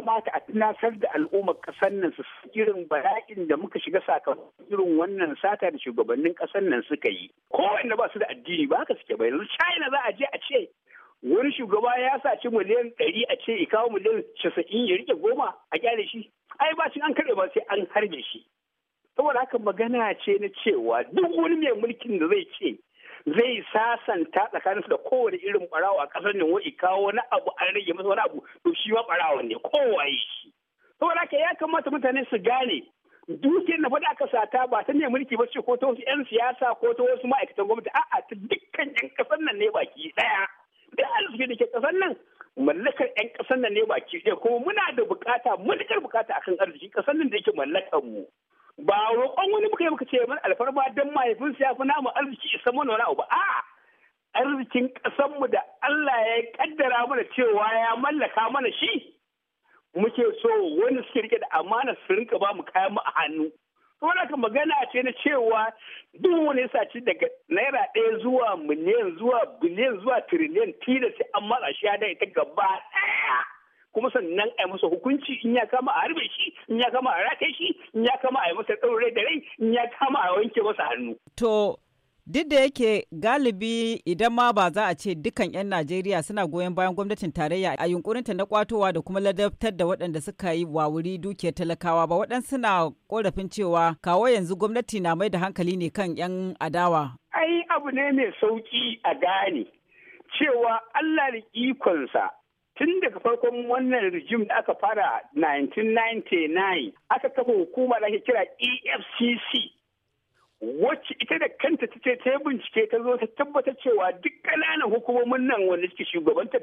kamata a tunasar da al'ummar ƙasar nan su irin bala'in da muka shiga sakamakon irin wannan sata da shugabannin ƙasar nan suka yi kowanne ba su da addini ba haka suke bayan china za a je a ce wani shugaba ya saci miliyan ɗari a ce kawo miliyan casa'in ya rike goma a gyara shi ai ba an karɓe ba sai an harbe shi saboda haka magana ce na cewa duk wani mai mulkin da zai ce zai sasanta tsakaninsu da kowane irin barawo a ƙasar nan wai kawo wani abu an rage masa wani abu to shi ma barawo ne kowaye shi saboda ya kamata mutane su gane dukiyar na faɗi aka sata ba ta ne mulki ba ce ko ta wasu 'yan siyasa ko ta wasu ma'aikatan gwamnati a'a ta dukkan 'yan ƙasar nan ne baki ɗaya da arziki da ke ƙasar nan mallakar 'yan ƙasar nan ne baki ɗaya kuma muna da bukata mallakar bukata akan arziki ƙasar nan da yake mallakar mu ba roƙon wani muka yi muka ce mana alfarma don mahaifin ya fi namu arziki isa mana wani abu A! arzikin ƙasanmu da Allah ya kaddara mana cewa ya mallaka mana shi muke so wani suke rike da amana su rinka ba mu kayan mu a hannu saboda ka magana ce na cewa duk wani ya saci daga naira ɗaya zuwa miliyan zuwa biliyan zuwa tiriliyan tilas amma a shi ya da ita gaba ɗaya kuma sannan a yi masa hukunci in ya kama a harbe shi in ya kama a rataye shi in ya kama a yi masa ɗaure da rai in ya kama a wanke masa hannu. To duk da yake galibi idan ma ba za a ce dukkan 'yan Najeriya suna goyon bayan gwamnatin tarayya a yunkurinta na kwatowa da kuma ladabtar da waɗanda suka yi wawuri dukiyar talakawa ba waɗansu suna korafin cewa kawo yanzu gwamnati na mai da hankali ne kan 'yan adawa. Ai abu ne mai sauki a gane cewa Allah da ikonsa tun daga farkon wannan rijim da aka fara 1999 aka kafa hukuma da ake kira efcc wacce ita da kanta ta ce ta bincike ta zo ta tabbata cewa duk ƙananan hukumomin nan wanda suke ta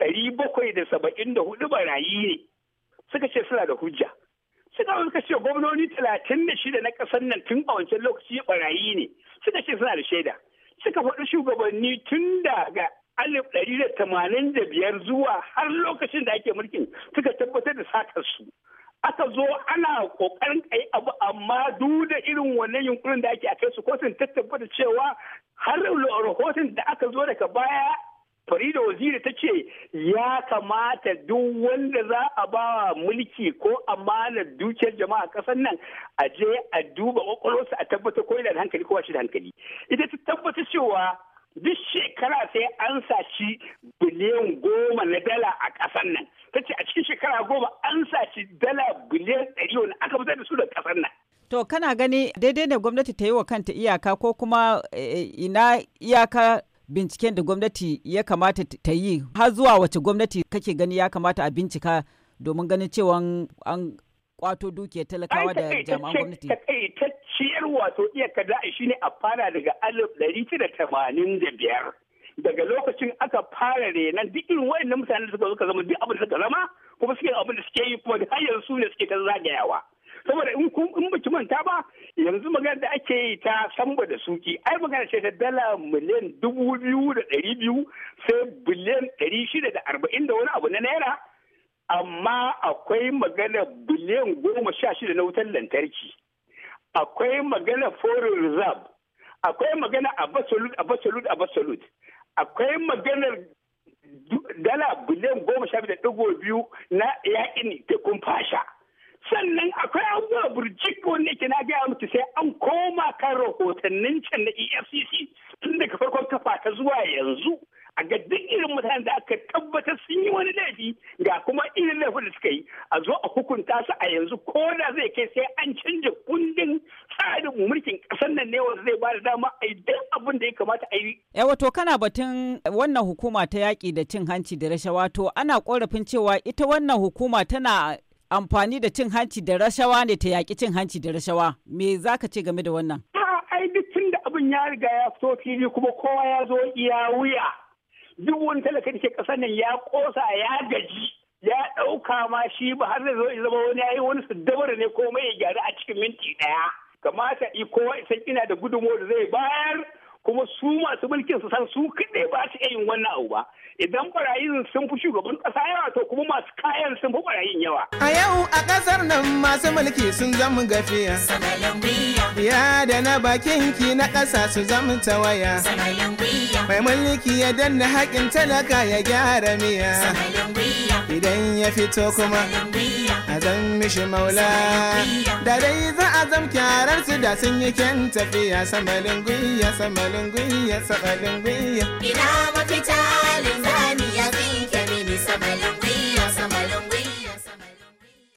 ɗari bakwai da saba'in da hudu barayi ne suka ce suna da hujja suka suka ce gwamnoni talatin da shida na ƙasar nan tun a wancan lokaci barayi ne suka ce suna da shaida suka faɗi shugabanni tun daga alif ɗari da tamanin da biyar zuwa har lokacin da ake mulkin suka tabbatar da sakar su aka zo ana kokarin kai abu amma duk da irin wannan yunkurin da ake a kai su kotun ta tabbata cewa har rahoton da aka zo daga baya Farida Waziri ta ce ya kamata duk wanda za a ba mulki ko amanar dukiyar jama'a kasar nan a je a duba kwakwalwarsa a tabbatar ko yana da hankali ko shi da hankali. Ita ta tabbata cewa duk shekara sai an saci biliyan goma na dala a kasar nan ta ce a cikin shekara goma an saci dala biliyan ɗari wani aka fitar da su da kasar nan To kana gani daidai ne gwamnati ta yi wa kanta iyaka ko kuma eh, ina iyaka binciken da gwamnati ya kamata ta yi har zuwa wace gwamnati kake gani ya kamata a bincika domin ganin cewa an kwato dukiyar talakawa da jami'an gwamnati. shi yar wato iya shi shine a fara daga alif ɗari da tamanin da biyar daga lokacin aka fara renan duk irin waɗannan mutanen da suka zuka zama duk abin da suka zama kuma suke abin da suke yi kuma har yanzu ne suke ta zagayawa saboda in kun in baki manta ba yanzu magana da ake yi ta samba da suki ai magana ce ta dala miliyan dubu biyu da ɗari biyu sai biliyan ɗari shida da arba'in da wani abu na naira amma akwai magana biliyan goma sha shida na wutar lantarki akwai magana foreign reserve akwai magana absolute absolute absolute akwai maganar dala biliyan goma sha da ɗigo biyu na yaƙin tekun fasha sannan akwai abubuwa burjik wanda ke na gaya mutu sai an koma kan rahotannin can na efcc tun daga farkon kafa ta zuwa yanzu a ga duk irin mutanen da aka tabbatar sun yi wani laifi ga kuma irin laifin da suka yi a zo a hukunta su a yanzu ko da zai kai sai an canja kundin tsarin mulkin ƙasar nan ne wanda zai ba da dama a duk abin da ya kamata a yi. E wato kana batun wannan hukuma ta yaƙi da cin hanci da rashawa to ana ƙorafin cewa ita wannan hukuma tana amfani da cin hanci da rashawa ne ta yaƙi cin hanci da rashawa me za ka ce game da wannan. ai duk tun da abin ya riga ya fito fili kuma kowa ya zo iya wuya duk wani talaka da ke ƙasar nan ya ƙosa ya gaji. ya ɗauka ma shi ba har da zo zama wani ya yi wani su dabara ne ko ya gyaru a cikin minti ɗaya. kamata iko san ina da gudunmawar da zai bayar kuma su masu mulkin su san su kaɗai ba su iya yin wannan abu ba idan barayin sun fi shugaban ƙasa yawa to kuma masu kayan sun fi barayin yawa. A yau a ƙasar nan masu mulki sun zama gafiya. Ya da na bakin ki na ƙasa su zama tawaya. Mai mulki ya danna haƙin talaka ya gyara miya. Idan ya fito kuma azam mishi maula. Da dai za a zam da sun yi kyan tafiya samalin guyya samalin sabalin gwiya. Ina mafita linzami ya tsinke mini sabalin